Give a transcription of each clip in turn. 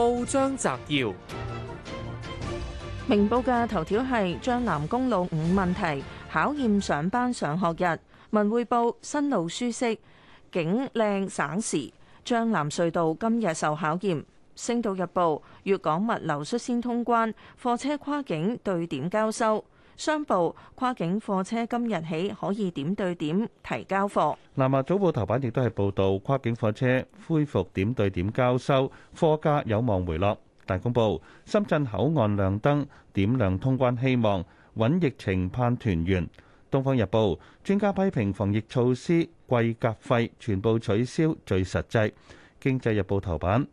報章摘要：明報嘅頭條係將藍公路五問題考驗上班上學日。文匯報新路舒適景靚省時，將藍隧道今日受考驗。星島日報粵港物流率先通關，貨車跨境對點交收。商報，跨境貨車今日起可以點對點提交貨。南華早報頭版亦都係報導跨境貨車恢復點對點交收，貨價有望回落。大公報，深圳口岸亮燈，點亮通關希望，穩疫情盼團圓。東方日報，專家批評防疫措施貴格費，全部取消最實際。經濟日報頭版，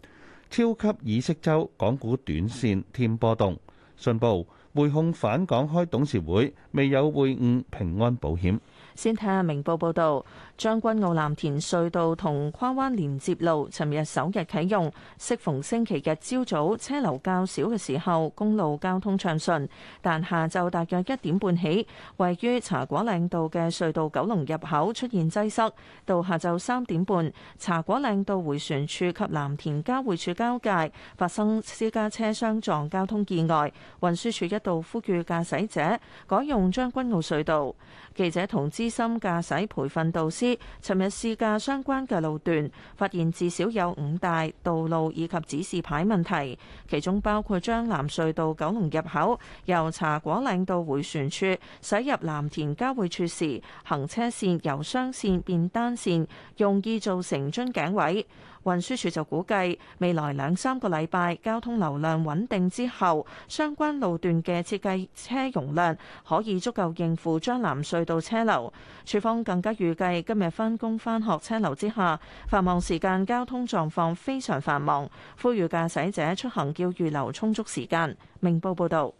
超級議息周，港股短線添波動。信報滙控返港開董事會，未有會晤平安保險。先睇下明報報道。將軍澳藍田隧道同跨灣連接路尋日首日啟用，適逢星期日朝早，早車流較少嘅時候，公路交通暢順。但下晝大約一點半起，位於茶果嶺道嘅隧道九龍入口出現擠塞，到下晝三點半，茶果嶺道回旋處及藍田交匯處交界發生私家車相撞交通意外，運輸署一度呼籲駕駛者改用將軍澳隧道。記者同資資深駕駛培訓導師尋日試駕相關嘅路段，發現至少有五大道路以及指示牌問題，其中包括將南隧道九龍入口由茶果嶺道回旋處駛入藍田交匯處時，行車線由雙線變單線，容易造成樽頸位。運輸署就估計，未來兩三個禮拜交通流量穩定之後，相關路段嘅設計車容量可以足夠應付將藍隧道車流。署方更加預計今日返工返學車流之下，繁忙時間交通狀況非常繁忙，呼籲駕駛者出行要預留充足時間。明報報道。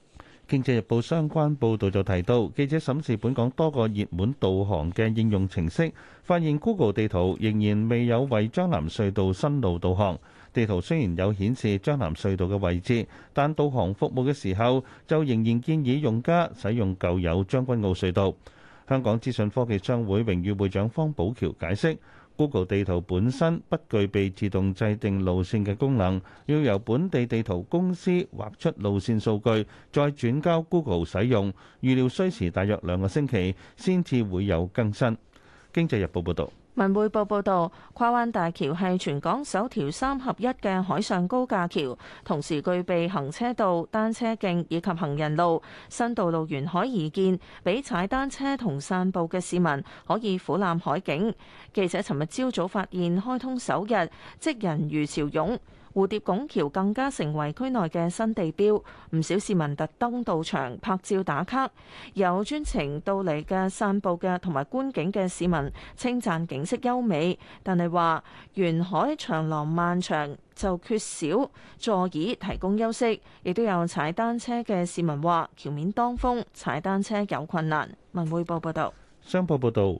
《經濟日報》相關報導就提到，記者審視本港多個熱門導航嘅應用程式，發現 Google 地圖仍然未有為將藍隧道新路導航。地圖雖然有顯示將藍隧道嘅位置，但導航服務嘅時候就仍然建議用家使用舊有將軍澳隧道。香港資訊科技商會榮譽會長方保僑解釋。Google 地圖本身不具備自動制定路線嘅功能，要由本地地圖公司畫出路線數據，再轉交 Google 使用。預料需時大約兩個星期先至會有更新。經濟日報報道。文匯報報道，跨灣大橋係全港首條三合一嘅海上高架橋，同時具備行車道、單車徑以及行人路。新道路沿海而建，俾踩單車同散步嘅市民可以俯瞰海景。記者尋日朝早發現，開通首日即人如潮湧。蝴蝶拱橋更加成為區內嘅新地標，唔少市民特登到場拍照打卡。有專程到嚟嘅散步嘅同埋觀景嘅市民稱讚景色優美，但係話沿海長廊漫長就缺少座椅提供休息。亦都有踩單車嘅市民話橋面當風踩單車有困難。文匯報報、報、報道。商報報道。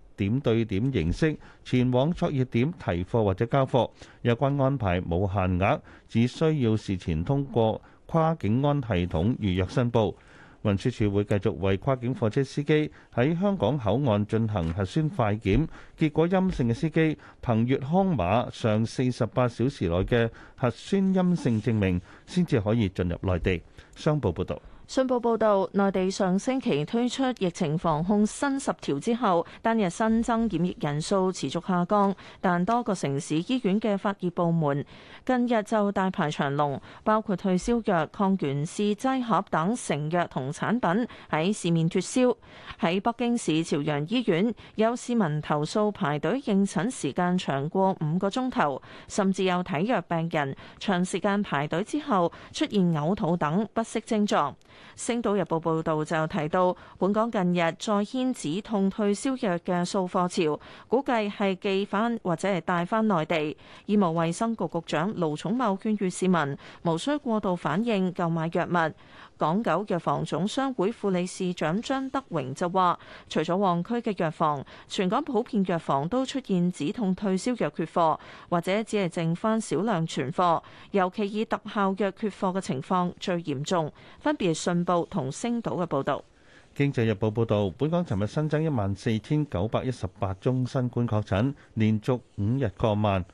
點對點形式前往作業點提貨或者交貨，有關安排冇限額，只需要事前通過跨境安系統預約申報。運輸署會繼續為跨境貨車司機喺香港口岸進行核酸快檢，結果陰性嘅司機憑粵康碼上四十八小時內嘅核酸陰性證明，先至可以進入內地。商報報導。信報報導，內地上星期推出疫情防控新十條之後，單日新增檢疫人數持續下降，但多個城市醫院嘅發熱部門近日就大排長龍，包括退燒藥、抗原試劑盒等成藥同產品喺市面脱銷。喺北京市朝陽醫院，有市民投訴排隊應診時間長過五個鐘頭，甚至有體弱病人長時間排隊之後出現嘔吐等不適症狀。《星島日報》報導就提到，本港近日再掀止痛退燒藥嘅掃貨潮，估計係寄翻或者係帶翻內地。醫務衛生局局長盧寵茂勸喻市民無需過度反應購買藥物。港九藥房總商會副理事長張德榮就話，除咗旺區嘅藥房，全港普遍藥房都出現止痛退燒藥缺貨，或者只係剩翻少量存貨，尤其以特效藥缺貨嘅情況最嚴重。分別信報同星島嘅報導，《經濟日報》報導，本港尋日新增一萬四千九百一十八宗新冠確診，連續五日過萬，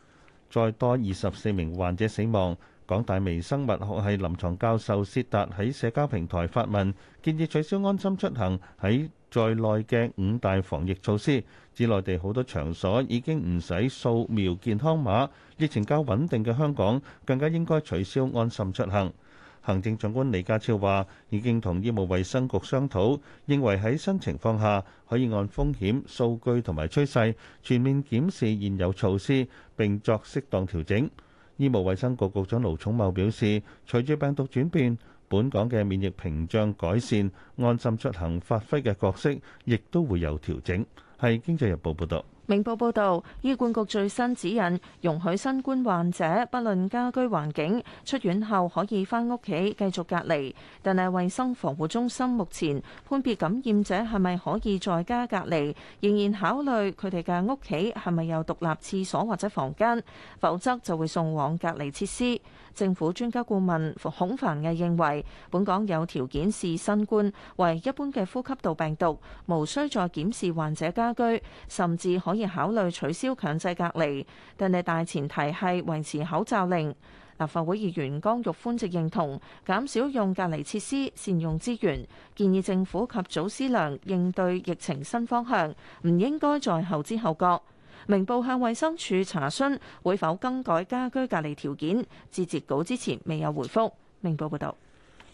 再多二十四名患者死亡。港大微生物學系臨床教授薛達喺社交平台發文建議取消安心出行喺在內嘅五大防疫措施，指內地好多場所已經唔使掃描健康碼，疫情較穩定嘅香港更加應該取消安心出行。行政長官李家超話已經同醫務衛生局商討認為喺新情況下可以按風險數據同埋趨勢全面檢視現有措施，並作適當調整。醫務衛生局局長盧寵茂表示，隨住病毒轉變，本港嘅免疫屏障改善，安心出行發揮嘅角色，亦都會有調整。係《經濟日報》報導。明報報導，醫管局最新指引容許新冠患者，不論家居環境，出院後可以返屋企繼續隔離。但係衞生防護中心目前判別感染者係咪可以在家隔離，仍然考慮佢哋嘅屋企係咪有獨立廁所或者房間，否則就會送往隔離設施。政府專家顧問孔繁毅認為，本港有條件視新冠為一般嘅呼吸道病毒，無需再檢視患者家居，甚至可以。可以考慮取消強制隔離，但係大前提係維持口罩令。立法會議員江玉歡就認同減少用隔離設施，善用資源，建議政府及早思量應對疫情新方向，唔應該在後知後覺。明報向衛生署查詢會否更改家居隔離條件，至截稿之前未有回覆。明報報道。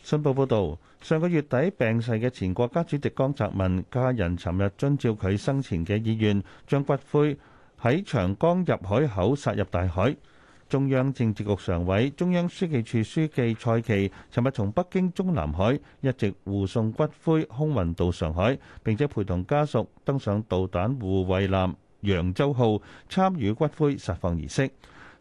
信報報導，上個月底病逝嘅前國家主席江澤民家人尋日遵照佢生前嘅意願，將骨灰喺長江入海口撒入大海。中央政治局常委、中央書記處書記蔡奇尋日從北京中南海一直護送骨灰空運到上海，並且陪同家屬登上導彈護衛艦揚州號，參與骨灰撒放儀式。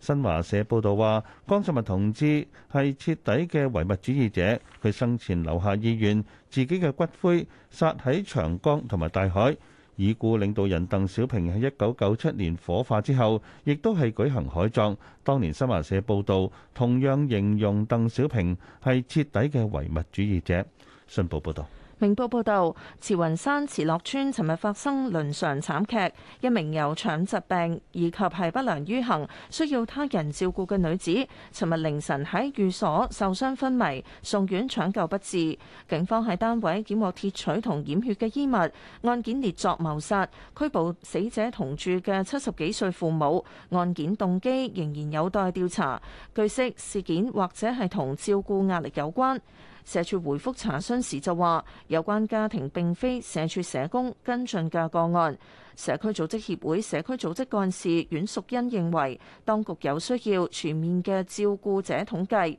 新華社報道話，江澤民同志係徹底嘅唯物主義者，佢生前留下意願，自己嘅骨灰撒喺長江同埋大海。已故領導人鄧小平喺一九九七年火化之後，亦都係舉行海葬。當年新華社報道，同樣形容鄧小平係徹底嘅唯物主義者。信報報道。明報報導，慈雲山慈樂村尋日發生倫常慘劇，一名有腸疾病以及係不良於行，需要他人照顧嘅女子，尋日凌晨喺寓所受傷昏迷，送院搶救不治。警方喺單位檢獲鐵錘同染血嘅衣物，案件列作謀殺，拘捕死者同住嘅七十幾歲父母。案件動機仍然有待調查。據悉，事件或者係同照顧壓力有關。社署回覆查詢時就話，有關家庭並非社署社工跟進嘅個案。社區組織協會社區組織幹事阮淑欣認為，當局有需要全面嘅照顧者統計，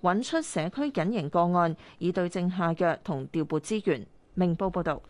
揾出社區隱形個案，以對症下藥同調撥資源。明報報道。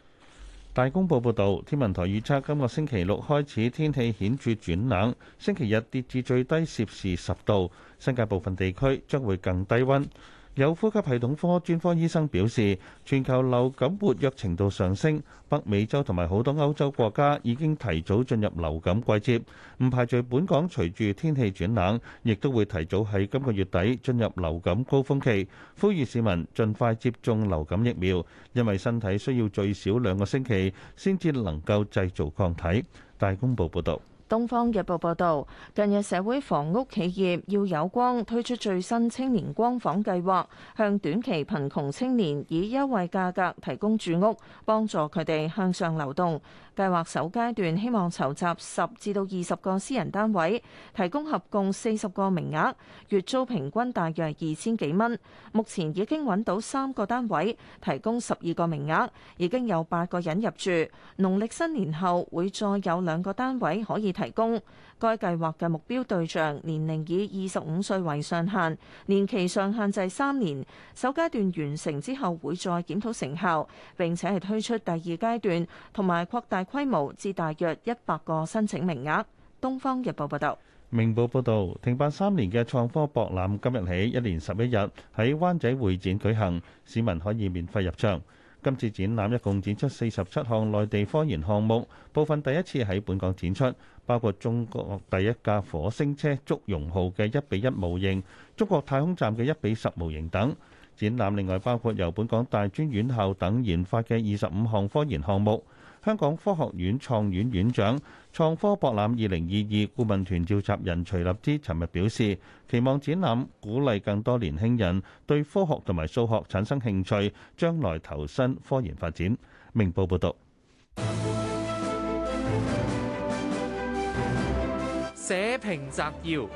大公報報道，天文台預測今個星期六開始天氣顯著轉冷，星期日跌至最低攝氏十度，新界部分地區將會更低溫。有呼吸系統科專科醫生表示，全球流感活躍程度上升，北美洲同埋好多歐洲國家已經提早進入流感季節，唔排除本港隨住天氣轉冷，亦都會提早喺今個月底進入流感高峰期。呼籲市民盡快接種流感疫苗，因為身體需要最少兩個星期先至能夠製造抗體。大公報報道。《東方日報》報導，近日社會房屋企業要有光推出最新青年光房計劃，向短期貧窮青年以優惠價格提供住屋，幫助佢哋向上流動。計劃首階段希望籌集十至到二十個私人單位，提供合共四十個名額，月租平均大約二千幾蚊。目前已經揾到三個單位，提供十二個名額，已經有八個人入住。農曆新年後會再有兩個單位可以提供。該計劃嘅目標對象年齡以二十五歲為上限，年期上限制三年。首階段完成之後會再檢討成效，並且係推出第二階段同埋擴大。規模至大約一百個申請名額。東方日報報道，明報報道，停辦三年嘅創科博覽今日起一連十一日喺灣仔會展舉行，市民可以免費入場。今次展覽一共展出四十七項內地科研項目，部分第一次喺本港展出，包括中國第一架火星車“祝融號”嘅一比一模型、中國太空站嘅一比十模型等。展覽另外包括由本港大專院校等研發嘅二十五項科研項目。香港科學院創院院長、創科博覽二零二二顧問團召集人徐立之尋日表示，期望展覽鼓勵更多年輕人對科學同埋數學產生興趣，將來投身科研發展。明報報導。社評摘要：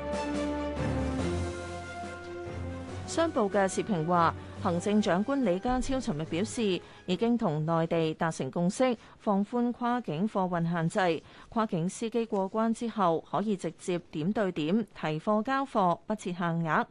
商報嘅社評話。行政長官李家超尋日表示，已經同內地達成共識，放寬跨境貨運限制，跨境司機過關之後可以直接點對點提貨交貨，不設限額，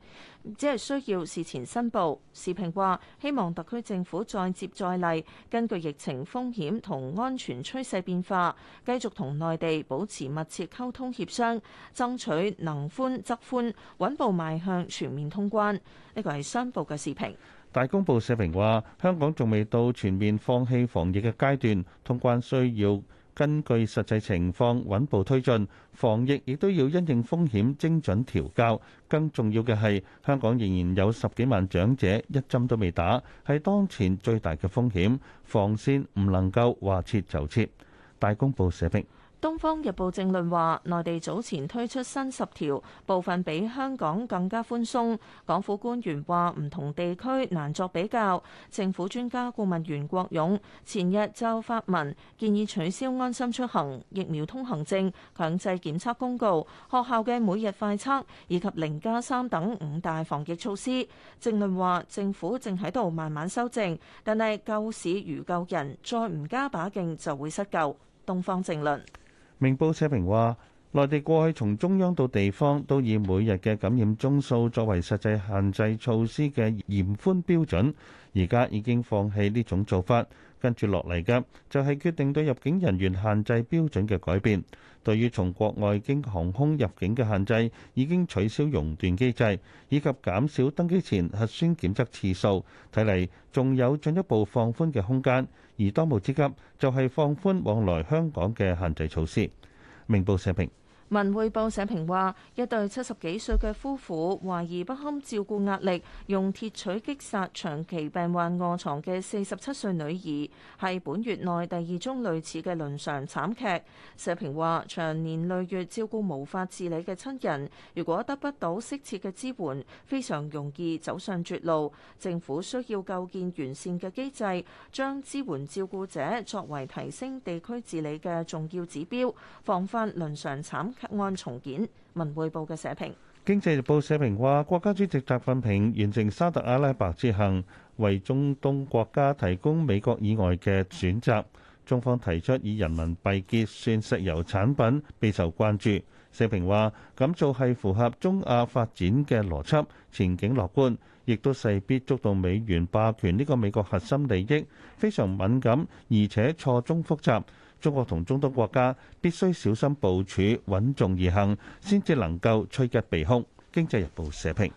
只係需要事前申報。社評話希望特區政府再接再厲，根據疫情風險同安全趨勢變化，繼續同內地保持密切溝通協商，爭取能寬則寬，穩步邁向全面通關。呢個係新報嘅社評。大公報社評話香港仲未到全面放棄防疫嘅階段，通關需要根據實際情況穩步推進，防疫亦都要因應風險精準調校，更重要嘅係香港仍然有十幾萬長者一針都未打，係當前最大嘅風險，防線唔能夠話撤就撤，大公報社評。《東方日報政論》話，內地早前推出新十條，部分比香港更加寬鬆。港府官員話唔同地區難作比較。政府專家顧問袁國勇前日就發文建議取消安心出行、疫苗通行證、強制檢測公告、學校嘅每日快測以及零加三等五大防疫措施。政論話政府正喺度慢慢修正，但係救市如救人，再唔加把勁就會失救。《東方政論》。明報社評話，內地過去從中央到地方都以每日嘅感染宗數作為實際限制措施嘅嚴寬標準，而家已經放棄呢種做法。跟住落嚟嘅就係決定對入境人員限制標準嘅改變。對於從國外經航空入境嘅限制，已經取消熔斷機制，以及減少登機前核酸檢測次數。睇嚟仲有進一步放寬嘅空間。而當務之急就係放寬往來香港嘅限制措施。明報社評。文匯報社評話：一對七十幾歲嘅夫婦懷疑不堪照顧壓力，用鐵錘擊殺長期病患臥床嘅四十七歲女兒，係本月內第二宗類似嘅輪常倫常慘劇。社評話：長年累月照顧無法自理嘅親人，如果得不到適切嘅支援，非常容易走上絕路。政府需要構建完善嘅機制，將支援照顧者作為提升地區治理嘅重要指標，防範倫常慘劇案重建，《文匯報》嘅社評。《經濟日報》社評話：國家主席習近平完成沙特阿拉伯之行，為中東國家提供美國以外嘅選擇。中方提出以人民幣結算石油產品，備受關注。社評話：咁做係符合中亞發展嘅邏輯，前景樂觀，亦都勢必觸動美元霸權呢個美國核心利益，非常敏感，而且錯綜複雜。中國同中東國家必須小心部署，穩重而行，先至能夠趨吉避兇。經濟日報社評。